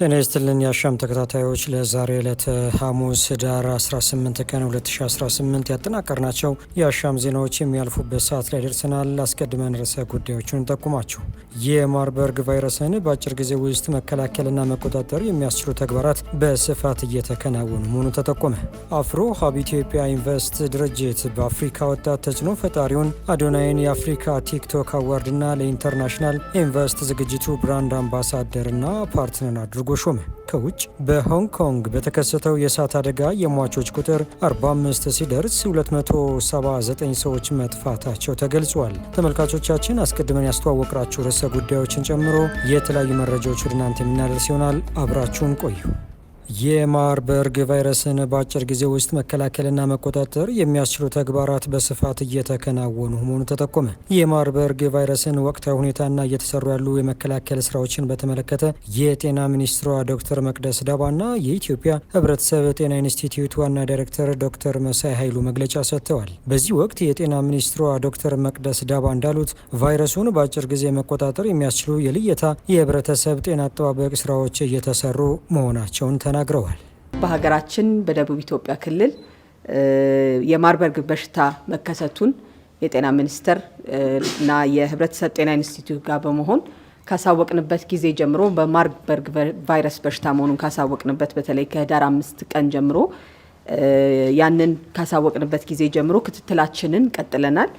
ጤና ይስጥልን የአሻም ተከታታዮች፣ ለዛሬ ዕለት ሐሙስ ህዳር 18 ቀን 2018 ያጠናቀርናቸው የአሻም ዜናዎች የሚያልፉበት ሰዓት ላይ ደርሰናል። አስቀድመን ርዕሰ ጉዳዮቹን እንጠቁማችሁ። የማርበርግ ቫይረስን በአጭር ጊዜ ውስጥ መከላከልና መቆጣጠር የሚያስችሉ ተግባራት በስፋት እየተከናወኑ መሆኑ ተጠቆመ። አፍሮ ሀብ ኢትዮጵያ ኢንቨስት ድርጅት በአፍሪካ ወጣት ተጽዕኖ ፈጣሪውን አዶናይን የአፍሪካ ቲክቶክ አዋርድና ለኢንተርናሽናል ኢንቨስት ዝግጅቱ ብራንድ አምባሳደርና ፓርትነር አድርጎ አድርጎ ሾመ። ከውጭ በሆንግ ኮንግ በተከሰተው የእሳት አደጋ የሟቾች ቁጥር 45 ሲደርስ 279 ሰዎች መጥፋታቸው ተገልጿል። ተመልካቾቻችን አስቀድመን ያስተዋወቅራችሁ ርዕሰ ጉዳዮችን ጨምሮ የተለያዩ መረጃዎች ወደ እናንተ የምናደርስ ይሆናል። አብራችሁን ቆዩ። የማርበርግ ቫይረስን በአጭር ጊዜ ውስጥ መከላከልና መቆጣጠር የሚያስችሉ ተግባራት በስፋት እየተከናወኑ መሆኑ ተጠቆመ። የማርበርግ ቫይረስን ወቅታዊ ሁኔታና እየተሰሩ ያሉ የመከላከል ስራዎችን በተመለከተ የጤና ሚኒስትሯ ዶክተር መቅደስ ዳባና የኢትዮጵያ ሕብረተሰብ ጤና ኢንስቲትዩት ዋና ዳይሬክተር ዶክተር መሳይ ኃይሉ መግለጫ ሰጥተዋል። በዚህ ወቅት የጤና ሚኒስትሯ ዶክተር መቅደስ ዳባ እንዳሉት ቫይረሱን በአጭር ጊዜ መቆጣጠር የሚያስችሉ የልየታ የሕብረተሰብ ጤና አጠባበቅ ስራዎች እየተሰሩ መሆናቸውን ተናል ተናግረዋል። በሀገራችን በደቡብ ኢትዮጵያ ክልል የማርበርግ በሽታ መከሰቱን የጤና ሚኒስቴር እና የህብረተሰብ ጤና ኢንስቲትዩት ጋር በመሆን ካሳወቅንበት ጊዜ ጀምሮ በማርበርግ ቫይረስ በሽታ መሆኑን ካሳወቅንበት በተለይ ከህዳር አምስት ቀን ጀምሮ ያንን ካሳወቅንበት ጊዜ ጀምሮ ክትትላችንን ቀጥለናል።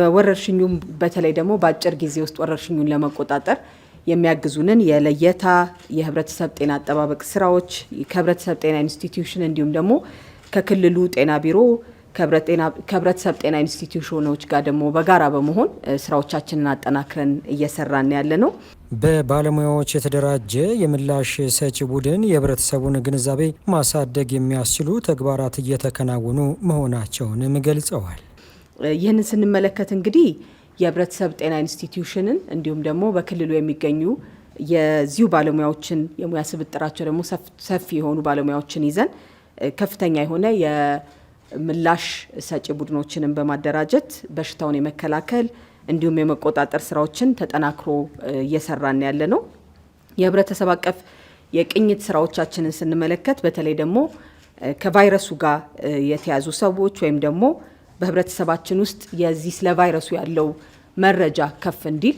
በወረርሽኙም በተለይ ደግሞ በአጭር ጊዜ ውስጥ ወረርሽኙን ለመቆጣጠር የሚያግዙንን የለየታ የህብረተሰብ ጤና አጠባበቅ ስራዎች ከህብረተሰብ ጤና ኢንስቲትዩሽን እንዲሁም ደግሞ ከክልሉ ጤና ቢሮ ከህብረተሰብ ጤና ኢንስቲትዩሽኖች ጋር ደግሞ በጋራ በመሆን ስራዎቻችንን አጠናክረን እየሰራን ያለ ነው። በባለሙያዎች የተደራጀ የምላሽ ሰጪ ቡድን የህብረተሰቡን ግንዛቤ ማሳደግ የሚያስችሉ ተግባራት እየተከናወኑ መሆናቸውንም ገልጸዋል። ይህንን ስንመለከት እንግዲህ የህብረተሰብ ጤና ኢንስቲትዩሽንን እንዲሁም ደግሞ በክልሉ የሚገኙ የዚሁ ባለሙያዎችን የሙያ ስብጥራቸው ደግሞ ሰፊ የሆኑ ባለሙያዎችን ይዘን ከፍተኛ የሆነ የምላሽ ሰጪ ቡድኖችንን በማደራጀት በሽታውን የመከላከል እንዲሁም የመቆጣጠር ስራዎችን ተጠናክሮ እየሰራን ያለ ነው። የህብረተሰብ አቀፍ የቅኝት ስራዎቻችንን ስንመለከት በተለይ ደግሞ ከቫይረሱ ጋር የተያዙ ሰዎች ወይም ደግሞ በህብረተሰባችን ውስጥ የዚህ ስለ ቫይረሱ ያለው መረጃ ከፍ እንዲል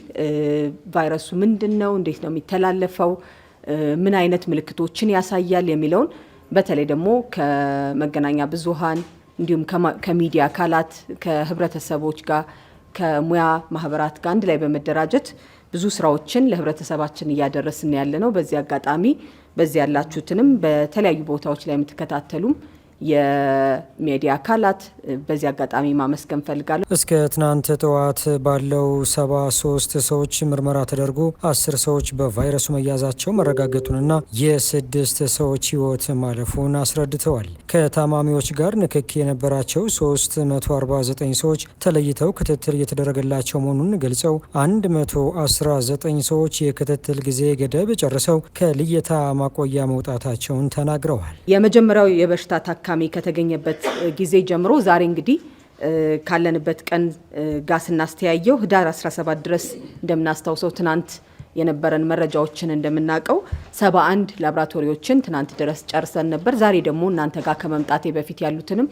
ቫይረሱ ምንድን ነው፣ እንዴት ነው የሚተላለፈው፣ ምን አይነት ምልክቶችን ያሳያል የሚለውን በተለይ ደግሞ ከመገናኛ ብዙሃን እንዲሁም ከሚዲያ አካላት ከህብረተሰቦች ጋር ከሙያ ማህበራት ጋር አንድ ላይ በመደራጀት ብዙ ስራዎችን ለህብረተሰባችን እያደረስን ያለ ነው። በዚህ አጋጣሚ በዚህ ያላችሁትንም በተለያዩ ቦታዎች ላይ የምትከታተሉም የሚዲያ አካላት በዚህ አጋጣሚ ማመስገን ፈልጋለሁ። እስከ ትናንት ጠዋት ባለው ሰባ ሶስት ሰዎች ምርመራ ተደርጎ አስር ሰዎች በቫይረሱ መያዛቸው መረጋገጡንና የስድስት ሰዎች ህይወት ማለፉን አስረድተዋል። ከታማሚዎች ጋር ንክኪ የነበራቸው 349 ሰዎች ተለይተው ክትትል እየተደረገላቸው መሆኑን ገልጸው 119 ሰዎች የክትትል ጊዜ ገደብ ጨርሰው ከልየታ ማቆያ መውጣታቸውን ተናግረዋል። የመጀመሪያው የበሽታ ታካ ድካሜ ከተገኘበት ጊዜ ጀምሮ ዛሬ እንግዲህ ካለንበት ቀን ጋር ስናስተያየው ህዳር 17 ድረስ እንደምናስታውሰው ትናንት የነበረን መረጃዎችን እንደምናውቀው 71 ላብራቶሪዎችን ትናንት ድረስ ጨርሰን ነበር። ዛሬ ደግሞ እናንተ ጋር ከመምጣቴ በፊት ያሉትንም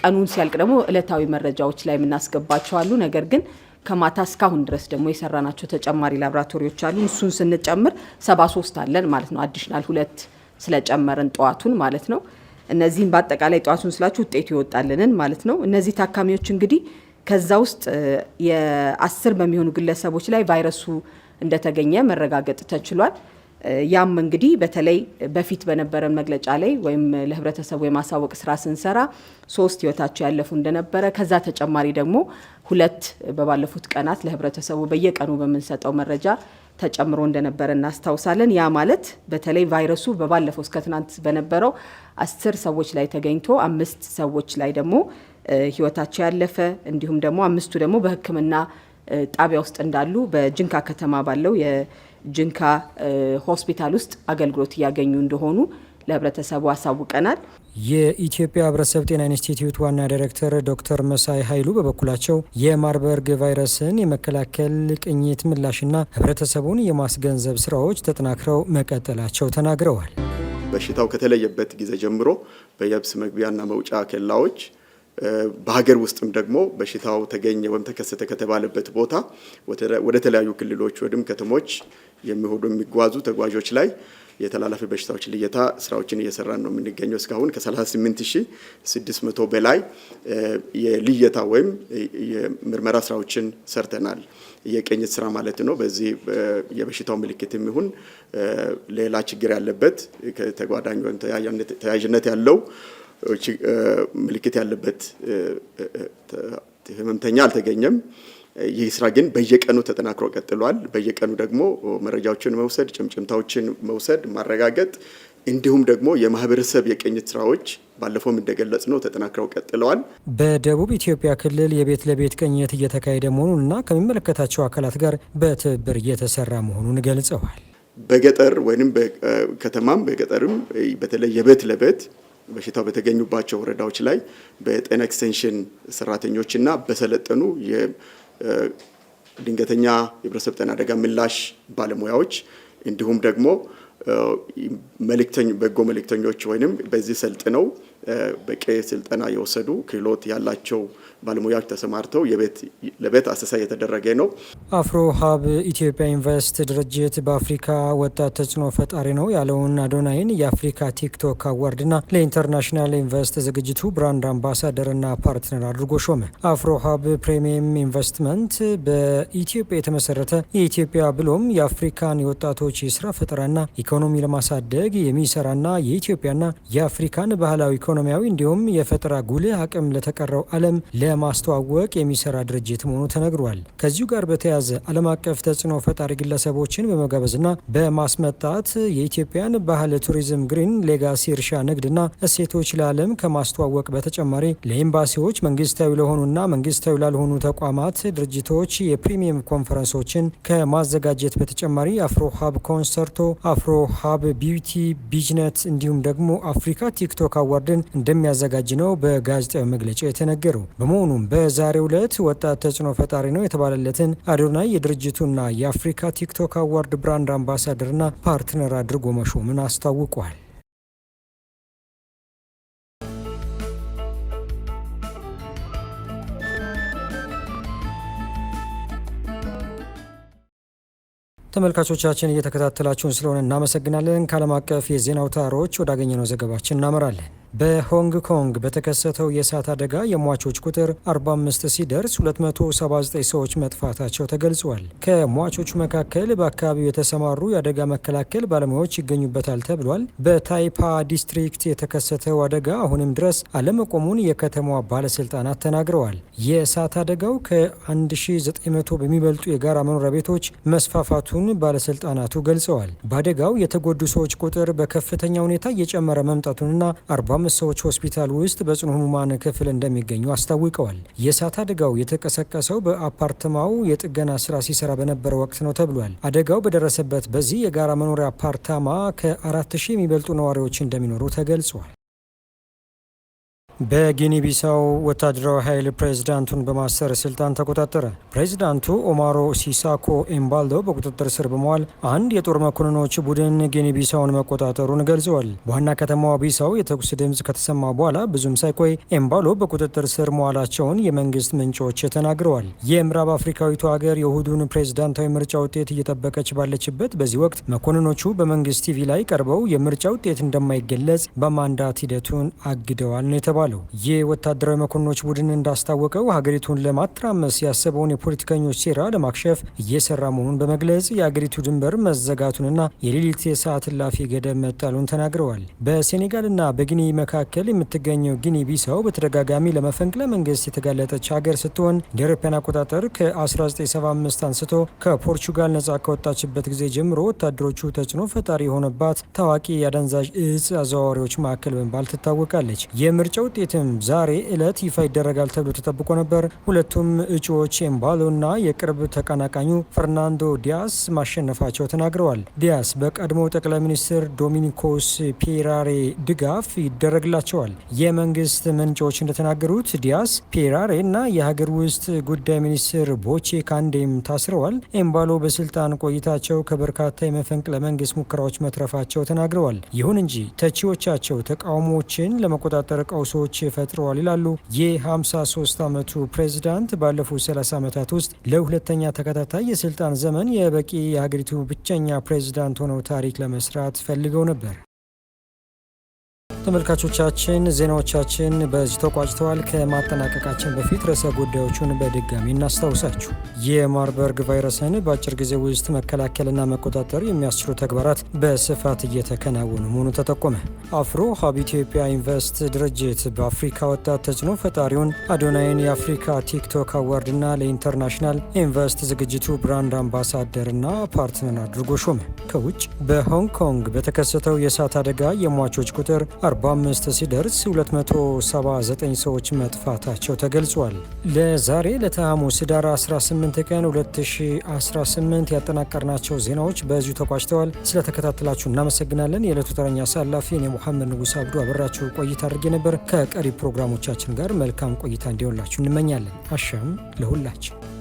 ቀኑን ሲያልቅ ደግሞ እለታዊ መረጃዎች ላይ የምናስገባቸው አሉ። ነገር ግን ከማታ እስካሁን ድረስ ደግሞ የሰራናቸው ተጨማሪ ላብራቶሪዎች አሉ። እሱን ስንጨምር 73 አለን ማለት ነው። አዲሽናል ሁለት ስለጨመርን ጠዋቱን ማለት ነው። እነዚህን በአጠቃላይ ጠዋቱን ስላችሁ ውጤቱ ይወጣልንን ማለት ነው። እነዚህ ታካሚዎች እንግዲህ ከዛ ውስጥ የአስር በሚሆኑ ግለሰቦች ላይ ቫይረሱ እንደተገኘ መረጋገጥ ተችሏል። ያም እንግዲህ በተለይ በፊት በነበረን መግለጫ ላይ ወይም ለህብረተሰቡ የማሳወቅ ስራ ስንሰራ ሶስት ህይወታቸው ያለፉ እንደነበረ ከዛ ተጨማሪ ደግሞ ሁለት በባለፉት ቀናት ለህብረተሰቡ በየቀኑ በምንሰጠው መረጃ ተጨምሮ እንደነበረ እናስታውሳለን። ያ ማለት በተለይ ቫይረሱ በባለፈው እስከ ትናንት በነበረው አስር ሰዎች ላይ ተገኝቶ አምስት ሰዎች ላይ ደግሞ ህይወታቸው ያለፈ እንዲሁም ደግሞ አምስቱ ደግሞ በህክምና ጣቢያ ውስጥ እንዳሉ በጅንካ ከተማ ባለው የጅንካ ሆስፒታል ውስጥ አገልግሎት እያገኙ እንደሆኑ ለህብረተሰቡ አሳውቀናል። የኢትዮጵያ ህብረተሰብ ጤና ኢንስቲትዩት ዋና ዳይሬክተር ዶክተር መሳይ ኃይሉ በበኩላቸው የማርበርግ ቫይረስን የመከላከል ቅኝት ምላሽና ህብረተሰቡን የማስገንዘብ ስራዎች ተጠናክረው መቀጠላቸው ተናግረዋል። በሽታው ከተለየበት ጊዜ ጀምሮ በየብስ መግቢያና መውጫ ኬላዎች በሀገር ውስጥም ደግሞ በሽታው ተገኘ ወይም ተከሰተ ከተባለበት ቦታ ወደ ተለያዩ ክልሎች ወይም ከተሞች የሚሄዱ የሚጓዙ ተጓዦች ላይ የተላላፊ በሽታዎች ልየታ ስራዎችን እየሰራን ነው የምንገኘው። እስካሁን ከ38600 በላይ የልየታ ወይም የምርመራ ስራዎችን ሰርተናል። የቅኝት ስራ ማለት ነው። በዚህ የበሽታው ምልክትም የሚሆን ሌላ ችግር ያለበት ተጓዳኝ ወይም ተያያዥነት ያለው ምልክት ያለበት ህመምተኛ አልተገኘም። ይህ ስራ ግን በየቀኑ ተጠናክሮ ቀጥሏል። በየቀኑ ደግሞ መረጃዎችን መውሰድ፣ ጭምጭምታዎችን መውሰድ፣ ማረጋገጥ እንዲሁም ደግሞ የማህበረሰብ የቅኝት ስራዎች ባለፈውም እንደገለጽ ነው ተጠናክረው ቀጥለዋል። በደቡብ ኢትዮጵያ ክልል የቤት ለቤት ቅኝት እየተካሄደ መሆኑንና ከሚመለከታቸው አካላት ጋር በትብብር እየተሰራ መሆኑን ገልጸዋል። በገጠር ወይም በከተማም በገጠርም በተለይ የቤት ለቤት በሽታው በተገኙባቸው ወረዳዎች ላይ በጤና ኤክስቴንሽን ሰራተኞችና በሰለጠኑ ድንገተኛ የህብረተሰብ ጤና አደጋ ምላሽ ባለሙያዎች እንዲሁም ደግሞ በጎ መልእክተኞች ወይንም በዚህ ሰልጥነው በቂ ስልጠና የወሰዱ ክህሎት ያላቸው ባለሙያዎች ተሰማርተው ለቤት አሰሳ እየተደረገ ነው። አፍሮ ሀብ ኢትዮጵያ ኢንቨስት ድርጅት በአፍሪካ ወጣት ተጽዕኖ ፈጣሪ ነው ያለውን አዶናይን የአፍሪካ ቲክቶክ አዋርድና ለኢንተርናሽናል ኢንቨስት ዝግጅቱ ብራንድ አምባሳደርና ፓርትነር አድርጎ ሾመ። አፍሮ ሀብ ፕሪሚየም ኢንቨስትመንት በኢትዮጵያ የተመሰረተ የኢትዮጵያ ብሎም የአፍሪካን የወጣቶች የስራ ፈጠራና ኢኮኖሚ ለማሳደግ የሚሰራና የኢትዮጵያና የአፍሪካን ባህላዊ ኢኮኖሚ ኢኮኖሚያዊ እንዲሁም የፈጠራ ጉልህ አቅም ለተቀረው ዓለም ለማስተዋወቅ የሚሰራ ድርጅት መሆኑ ተነግሯል። ከዚሁ ጋር በተያያዘ ዓለም አቀፍ ተጽዕኖ ፈጣሪ ግለሰቦችን በመጋበዝና በማስመጣት የኢትዮጵያን ባህል፣ ቱሪዝም፣ ግሪን ሌጋሲ፣ እርሻ፣ ንግድና እሴቶች ለዓለም ከማስተዋወቅ በተጨማሪ ለኤምባሲዎች፣ መንግስታዊ ለሆኑና መንግስታዊ ላልሆኑ ተቋማት ድርጅቶች የፕሪሚየም ኮንፈረንሶችን ከማዘጋጀት በተጨማሪ አፍሮ ሀብ ኮንሰርቶ፣ አፍሮ ሀብ ቢዩቲ ቢዝነት እንዲሁም ደግሞ አፍሪካ ቲክቶክ አዋርድን እንደሚያዘጋጅ ነው በጋዜጣዊ መግለጫ የተነገረው። በመሆኑም በዛሬው ዕለት ወጣት ተጽዕኖ ፈጣሪ ነው የተባለለትን አዶናይ የድርጅቱና የአፍሪካ ቲክቶክ አዋርድ ብራንድ አምባሳደርና ፓርትነር አድርጎ መሾምን አስታውቋል። ተመልካቾቻችን እየተከታተላችሁን ስለሆነ እናመሰግናለን። ከዓለም አቀፍ የዜና አውታሮች ወዳገኘነው ዘገባችን እናመራለን። በሆንግ ኮንግ በተከሰተው የእሳት አደጋ የሟቾች ቁጥር 45 ሲደርስ 279 ሰዎች መጥፋታቸው ተገልጿል። ከሟቾቹ መካከል በአካባቢው የተሰማሩ የአደጋ መከላከል ባለሙያዎች ይገኙበታል ተብሏል። በታይፓ ዲስትሪክት የተከሰተው አደጋ አሁንም ድረስ አለመቆሙን የከተማዋ ባለስልጣናት ተናግረዋል። የእሳት አደጋው ከ1900 በሚበልጡ የጋራ መኖሪያ ቤቶች መስፋፋቱን ባለስልጣናቱ ገልጸዋል። በአደጋው የተጎዱ ሰዎች ቁጥር በከፍተኛ ሁኔታ እየጨመረ መምጣቱንና አምስት ሰዎች ሆስፒታል ውስጥ በጽኑ ህሙማን ክፍል እንደሚገኙ አስታውቀዋል። የእሳት አደጋው የተቀሰቀሰው በአፓርትማው የጥገና ስራ ሲሰራ በነበረ ወቅት ነው ተብሏል። አደጋው በደረሰበት በዚህ የጋራ መኖሪያ አፓርታማ ከአራት ሺህ የሚበልጡ ነዋሪዎች እንደሚኖሩ ተገልጿል። በጊኒ ቢሳው ወታደራዊ ኃይል ፕሬዝዳንቱን በማሰር ስልጣን ተቆጣጠረ። ፕሬዚዳንቱ ኦማሮ ሲሳኮ ኤምባልዶ በቁጥጥር ስር በመዋል አንድ የጦር መኮንኖች ቡድን ጊኒ ቢሳውን መቆጣጠሩን ገልጸዋል። በዋና ከተማዋ ቢሳው የተኩስ ድምፅ ከተሰማ በኋላ ብዙም ሳይቆይ ኤምባሎ በቁጥጥር ስር መዋላቸውን የመንግስት ምንጮች ተናግረዋል። የምዕራብ አፍሪካዊቱ ሀገር የእሁዱን ፕሬዝዳንታዊ ምርጫ ውጤት እየጠበቀች ባለችበት በዚህ ወቅት መኮንኖቹ በመንግስት ቲቪ ላይ ቀርበው የምርጫ ውጤት እንደማይገለጽ በማንዳት ሂደቱን አግደዋል ነው የተባለ የተባለው። ይህ ወታደራዊ መኮንኖች ቡድን እንዳስታወቀው ሀገሪቱን ለማትራመስ ያሰበውን የፖለቲከኞች ሴራ ለማክሸፍ እየሰራ መሆኑን በመግለጽ የሀገሪቱ ድንበር መዘጋቱንና የሌሊት የሰዓት እላፊ ገደብ መጣሉን ተናግረዋል። በሴኔጋልና በጊኒ መካከል የምትገኘው ጊኒ ቢሳው በተደጋጋሚ ለመፈንቅለ መንግስት የተጋለጠች ሀገር ስትሆን እንደ አውሮፓውያን አቆጣጠር ከ1975 አንስቶ ከፖርቹጋል ነጻ ከወጣችበት ጊዜ ጀምሮ ወታደሮቹ ተጽዕኖ ፈጣሪ የሆነባት ታዋቂ የአደንዛዥ እጽ አዘዋዋሪዎች ማዕከል በመባል ትታወቃለች። የምርጫው ውጤትም ዛሬ ዕለት ይፋ ይደረጋል ተብሎ ተጠብቆ ነበር። ሁለቱም እጩዎች ኤምባሎና የቅርብ ተቀናቃኙ ፈርናንዶ ዲያስ ማሸነፋቸው ተናግረዋል። ዲያስ በቀድሞ ጠቅላይ ሚኒስትር ዶሚኒኮስ ፔራሬ ድጋፍ ይደረግላቸዋል። የመንግስት ምንጮች እንደተናገሩት ዲያስ ፔራሬ እና የሀገር ውስጥ ጉዳይ ሚኒስትር ቦቼ ካንዴም ታስረዋል። ኤምባሎ በስልጣን ቆይታቸው ከበርካታ የመፈንቅለ መንግስት ሙከራዎች መትረፋቸው ተናግረዋል። ይሁን እንጂ ተቺዎቻቸው ተቃውሞዎችን ለመቆጣጠር ቀውሶ ችግሮች ፈጥረዋል ይላሉ። የ53 ዓመቱ ፕሬዚዳንት ባለፉት 30 ዓመታት ውስጥ ለሁለተኛ ተከታታይ የስልጣን ዘመን የበቂ የሀገሪቱ ብቸኛ ፕሬዚዳንት ሆነው ታሪክ ለመስራት ፈልገው ነበር። ተመልካቾቻችን ዜናዎቻችን በዚህ ተቋጭተዋል። ከማጠናቀቃችን በፊት ርዕሰ ጉዳዮቹን በድጋሚ እናስታውሳችሁ። የማርበርግ ቫይረስን በአጭር ጊዜ ውስጥ መከላከልና መቆጣጠር የሚያስችሉ ተግባራት በስፋት እየተከናወኑ መሆኑ ተጠቆመ። አፍሮ ሀብ ኢትዮጵያ ኢንቨስት ድርጅት በአፍሪካ ወጣት ተጽዕኖ ፈጣሪውን አዶናይን የአፍሪካ ቲክቶክ አዋርድና ለኢንተርናሽናል ኢንቨስት ዝግጅቱ ብራንድ አምባሳደርና ፓርትነር አድርጎ ሾመ። ከውጭ በሆንግ ኮንግ በተከሰተው የእሳት አደጋ የሟቾች ቁጥር 45 ሲደርስ 279 ሰዎች መጥፋታቸው ተገልጿል። ለዛሬ ለተሐሙስ ሐሙስ 18 ቀን 2018 ያጠናቀርናቸው ዜናዎች በዚሁ ተቋጭተዋል። ስለተከታተላችሁ እናመሰግናለን። የዕለቱ ተረኛ አሳላፊ እኔ ሙሐመድ ንጉስ አብዱ አበራችሁ ቆይታ አድርጌ ነበር። ከቀሪ ፕሮግራሞቻችን ጋር መልካም ቆይታ እንዲሆንላችሁ እንመኛለን። አሻም ለሁላችን